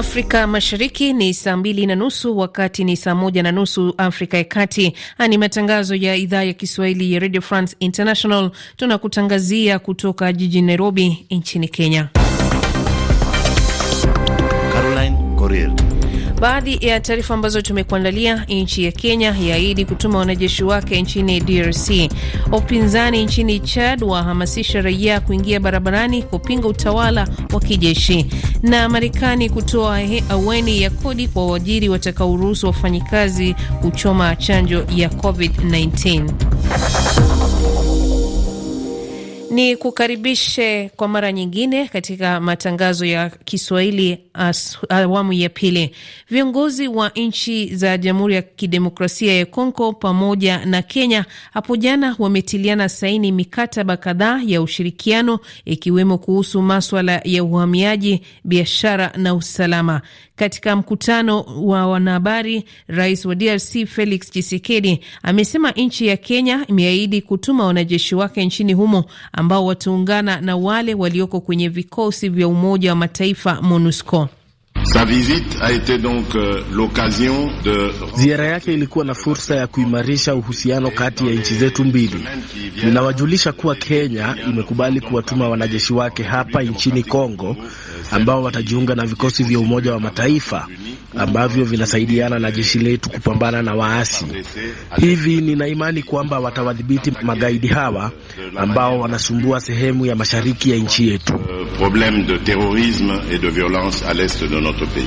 Afrika Mashariki ni saa mbili na nusu, wakati ni saa moja na nusu Afrika ya Kati. Ni matangazo ya idhaa ya Kiswahili ya Radio France International, tunakutangazia kutoka jijini Nairobi nchini Kenya. Baadhi ya taarifa ambazo tumekuandalia: nchi ya Kenya yaahidi kutuma wanajeshi wake nchini DRC. Upinzani nchini Chad wahamasisha raia kuingia barabarani kupinga utawala wa kijeshi, na Marekani kutoa aweni ya kodi kwa waajiri watakaoruhusu wafanyikazi kuchoma chanjo ya COVID-19. Ni kukaribishe kwa mara nyingine katika matangazo ya Kiswahili awamu ya pili. Viongozi wa nchi za Jamhuri ya Kidemokrasia ya Kongo pamoja na Kenya hapo jana wametiliana saini mikataba kadhaa ya ushirikiano, ikiwemo kuhusu maswala ya uhamiaji, biashara na usalama. Katika mkutano wa wanahabari, rais wa DRC Felix Tshisekedi amesema nchi ya Kenya imeahidi kutuma wanajeshi wake nchini humo ambao wataungana na wale walioko kwenye vikosi vya Umoja wa Mataifa MONUSCO. Euh, Ziara yake ilikuwa na fursa ya kuimarisha uhusiano kati ya nchi zetu mbili. Ninawajulisha kuwa Kenya imekubali kuwatuma wanajeshi wake hapa nchini Kongo ambao watajiunga na vikosi vya Umoja wa Mataifa ambavyo vinasaidiana na jeshi letu kupambana na waasi. Hivi nina imani kwamba watawadhibiti magaidi hawa ambao wanasumbua sehemu ya mashariki ya nchi yetu. Euh,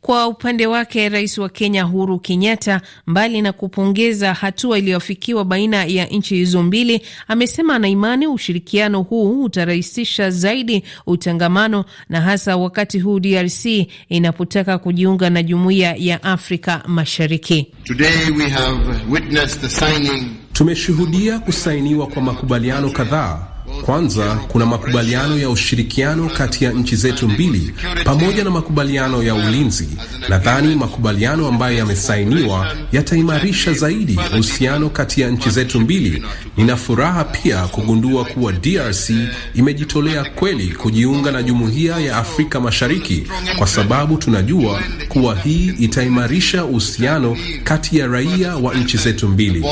kwa upande wake rais wa Kenya Uhuru Kenyatta, mbali na kupongeza hatua iliyofikiwa baina ya nchi hizo mbili, amesema ana imani ushirikiano huu utarahisisha zaidi utangamano, na hasa wakati huu DRC inapotaka kujiunga na jumuiya ya Afrika Mashariki. Today we have witnessed the signing... tumeshuhudia kusainiwa kwa makubaliano kadhaa kwanza kuna makubaliano ya ushirikiano kati ya nchi zetu mbili pamoja na makubaliano ya ulinzi. Nadhani makubaliano ambayo yamesainiwa yataimarisha zaidi uhusiano kati ya nchi zetu mbili. Nina furaha pia kugundua kuwa DRC imejitolea kweli kujiunga na Jumuiya ya Afrika Mashariki kwa sababu tunajua kuwa hii itaimarisha uhusiano kati ya raia wa nchi zetu mbili.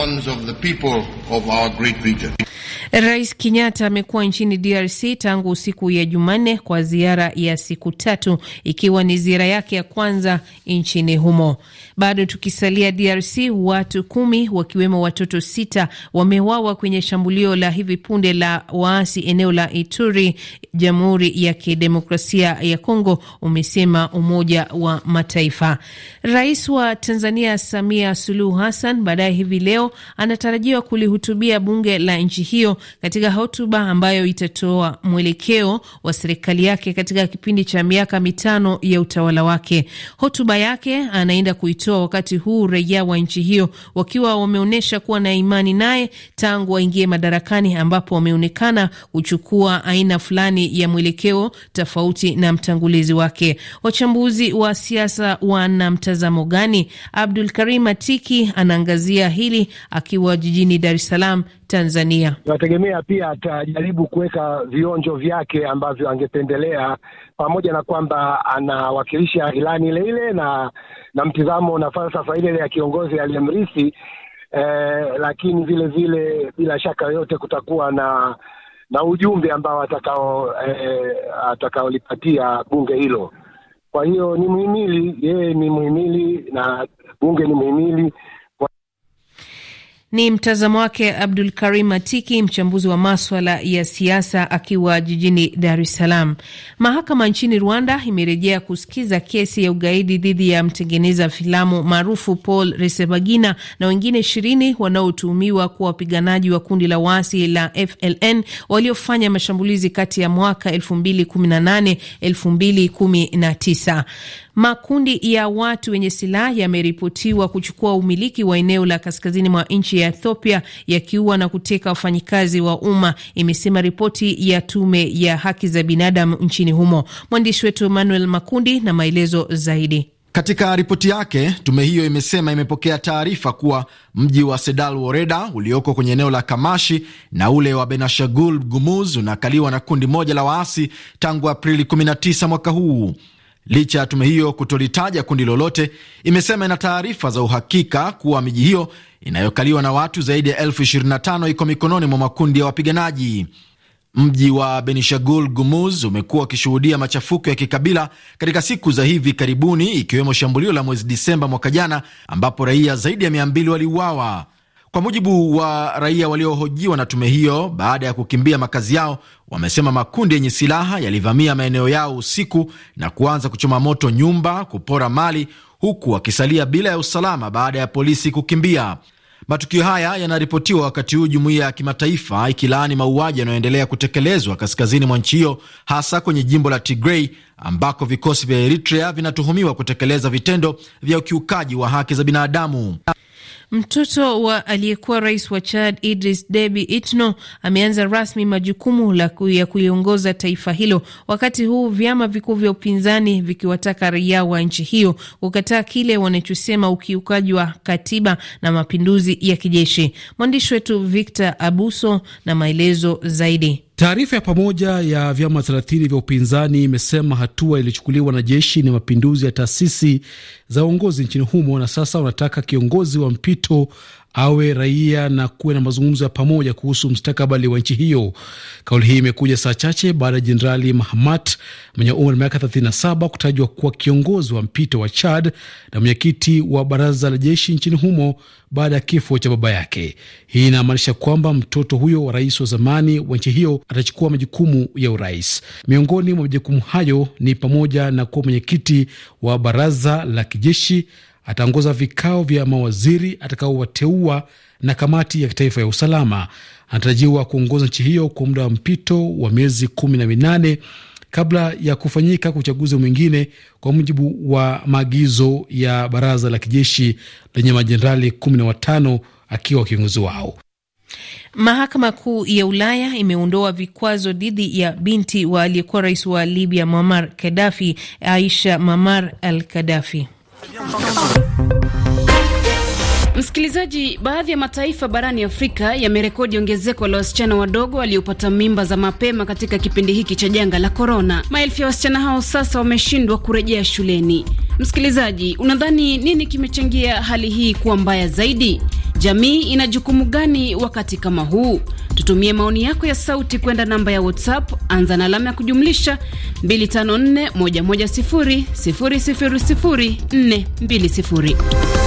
Rais Kenyatta amekuwa nchini DRC tangu siku ya Jumanne kwa ziara ya siku tatu ikiwa ni ziara yake ya kwanza nchini humo. Bado tukisalia DRC, watu kumi wakiwemo watoto sita wamewawa kwenye shambulio la hivi punde la waasi eneo la Ituri, Jamhuri ya Kidemokrasia ya Kongo, umesema Umoja wa Mataifa. Rais wa Tanzania Samia Suluhu Hassan baadaye hivi leo anatarajiwa kulihutubia bunge la nchi hiyo katika hotuba ambayo itatoa mwelekeo wa serikali yake katika kipindi cha miaka mitano ya utawala wake. Hotuba yake anaenda kuitoa wakati huu raia wa nchi hiyo wakiwa wameonyesha kuwa na imani naye tangu aingie madarakani, ambapo wameonekana kuchukua aina fulani ya mwelekeo tofauti na mtangulizi wake. Wachambuzi wa siasa wana mtazamo gani? Abdul Karim Atiki anaangazia hili akiwa jijini Dar es Salaam Tanzania. Tunategemea pia atajaribu kuweka vionjo vyake ambavyo angependelea, pamoja na kwamba anawakilisha ilani ile ile na na mtizamo na falsafa ile ile ya kiongozi aliyemrithi eh, lakini vile vile bila shaka yoyote kutakuwa na na ujumbe ambao atakao eh, atakaolipatia bunge hilo. Kwa hiyo ni muhimili, yeye ni muhimili na bunge ni muhimili ni mtazamo wake Abdul Karim Atiki, mchambuzi wa maswala ya siasa akiwa jijini Dar es Salaam. Mahakama nchini Rwanda imerejea kusikiza kesi ya ugaidi dhidi ya mtengeneza filamu maarufu Paul Resebagina na wengine ishirini wanaotuhumiwa kuwa wapiganaji wa kundi la waasi la FLN waliofanya mashambulizi kati ya mwaka 2018 2019. Makundi ya watu wenye silaha yameripotiwa kuchukua umiliki wa eneo la kaskazini mwa nchi ya Ethiopia yakiua na kuteka wafanyikazi wa umma, imesema ripoti ya tume ya haki za binadamu nchini humo. Mwandishi wetu Emmanuel Makundi na maelezo zaidi. Katika ripoti yake, tume hiyo imesema imepokea taarifa kuwa mji wa Sedal Woreda ulioko kwenye eneo la Kamashi na ule wa Benashagul Gumuz unakaliwa na kundi moja la waasi tangu Aprili 19 mwaka huu. Licha ya tume hiyo kutolitaja kundi lolote, imesema ina taarifa za uhakika kuwa miji hiyo inayokaliwa na watu zaidi ya elfu 25 iko mikononi mwa makundi ya wapiganaji. Mji wa Benishagul Gumuz umekuwa ukishuhudia machafuko ya kikabila katika siku za hivi karibuni, ikiwemo shambulio la mwezi Disemba mwaka jana ambapo raia zaidi ya 200 waliuawa. Kwa mujibu wa raia waliohojiwa na tume hiyo, baada ya kukimbia makazi yao, wamesema makundi yenye silaha yalivamia maeneo yao usiku na kuanza kuchoma moto nyumba, kupora mali, huku wakisalia bila ya usalama baada ya polisi kukimbia. Matukio haya yanaripotiwa wakati huu jumuiya ya kimataifa ikilaani mauaji yanayoendelea kutekelezwa kaskazini mwa nchi hiyo, hasa kwenye jimbo la Tigrei ambako vikosi vya Eritrea vinatuhumiwa kutekeleza vitendo vya ukiukaji wa haki za binadamu. Mtoto wa aliyekuwa rais wa Chad Idris Deby Itno ameanza rasmi majukumu ya kuiongoza taifa hilo, wakati huu vyama vikuu vya upinzani vikiwataka raia wa nchi hiyo kukataa kile wanachosema ukiukaji wa katiba na mapinduzi ya kijeshi. Mwandishi wetu Victor Abuso na maelezo zaidi. Taarifa ya pamoja ya vyama thelathini vya upinzani imesema hatua iliyochukuliwa na jeshi ni mapinduzi ya taasisi za uongozi nchini humo, na sasa wanataka kiongozi wa mpito awe raia na kuwe na mazungumzo ya pamoja kuhusu mstakabali wa nchi hiyo. Kauli hii imekuja saa chache baada ya Jenerali Mahamat mwenye umri wa miaka 37 kutajwa kuwa kiongozi wa mpito wa Chad na mwenyekiti wa baraza la jeshi nchini humo baada ya kifo cha baba yake. Hii inamaanisha kwamba mtoto huyo wa rais wa zamani wa nchi hiyo atachukua majukumu ya urais. Miongoni mwa majukumu hayo ni pamoja na kuwa mwenyekiti wa baraza la kijeshi ataongoza vikao vya mawaziri atakaowateua na kamati ya kitaifa ya usalama. Anatarajiwa kuongoza nchi hiyo kwa muda wa mpito wa miezi kumi na minane kabla ya kufanyika kwa uchaguzi mwingine kwa mujibu wa maagizo ya baraza la kijeshi lenye majenerali kumi na watano akiwa kiongozi wao. Mahakama Kuu ya Ulaya imeondoa vikwazo dhidi ya binti wa aliyekuwa rais wa Libya Muammar Gaddafi, Aisha Muammar al-Gaddafi. Msikilizaji, baadhi ya mataifa barani Afrika yamerekodi ongezeko la wasichana wadogo waliopata mimba za mapema katika kipindi hiki cha janga la korona. Maelfu ya wasichana hao sasa wameshindwa kurejea shuleni. Msikilizaji, unadhani nini kimechangia hali hii kuwa mbaya zaidi? Jamii ina jukumu gani wakati kama huu? Tutumie maoni yako ya sauti kwenda namba ya WhatsApp, anza na alama ya kujumlisha 254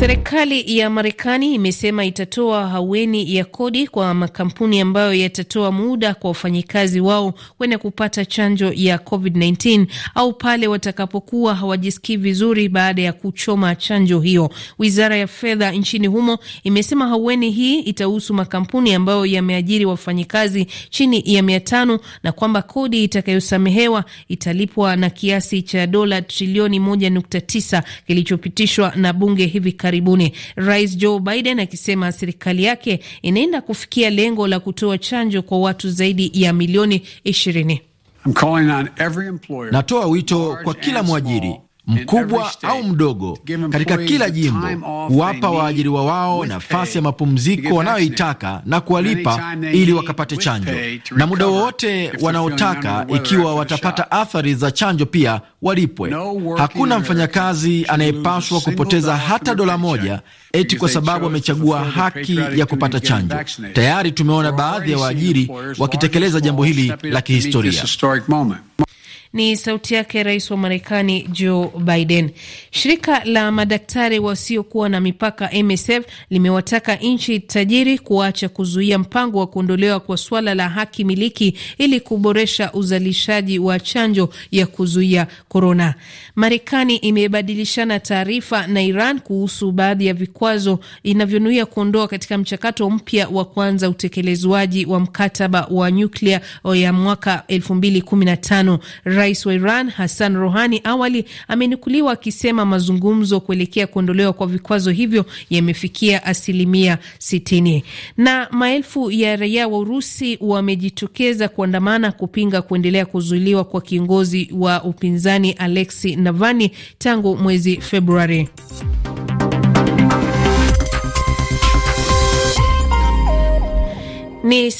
Serikali ya Marekani imesema itatoa haweni ya kodi kwa makampuni ambayo yatatoa muda kwa wafanyikazi wao kwenda kupata chanjo ya COVID-19 au pale watakapokuwa hawajisikii vizuri baada ya kuchoma chanjo hiyo. Wizara ya fedha nchini humo imesema haweni hii itahusu makampuni ambayo yameajiri wafanyikazi chini ya mia tano na kwamba kodi itakayosamehewa italipwa na kiasi cha dola trilioni 1.9 kilichopitishwa na bunge hivi karibuni, Rais Joe Biden akisema serikali yake inaenda kufikia lengo la kutoa chanjo kwa watu zaidi ya milioni ishirini. Natoa wito kwa kila mwajiri mkubwa au mdogo, katika kila jimbo huwapa waajiriwa wao nafasi ya mapumziko wanayoitaka na kuwalipa ili wakapate chanjo, na muda wowote wanaotaka, ikiwa watapata athari za chanjo pia walipwe. Hakuna mfanyakazi anayepaswa kupoteza hata dola moja eti kwa sababu amechagua haki ya kupata chanjo. Tayari tumeona baadhi ya waajiri wakitekeleza jambo hili la kihistoria. Ni sauti yake rais wa Marekani Joe Biden. Shirika la madaktari wasiokuwa na mipaka MSF limewataka nchi tajiri kuacha kuzuia mpango wa kuondolewa kwa suala la haki miliki ili kuboresha uzalishaji wa chanjo ya kuzuia korona. Marekani imebadilishana taarifa na Iran kuhusu baadhi ya vikwazo inavyonuia kuondoa katika mchakato mpya wa kwanza utekelezwaji wa mkataba wa nyuklia ya mwaka 2015. Rais wa Iran Hassan Rouhani awali amenukuliwa akisema mazungumzo kuelekea kuondolewa kwa vikwazo hivyo yamefikia asilimia 60 Na maelfu ya raia wa Urusi wamejitokeza kuandamana kupinga kuendelea kuzuiliwa kwa kiongozi wa upinzani Alexei Navalny tangu mwezi Februari. Ni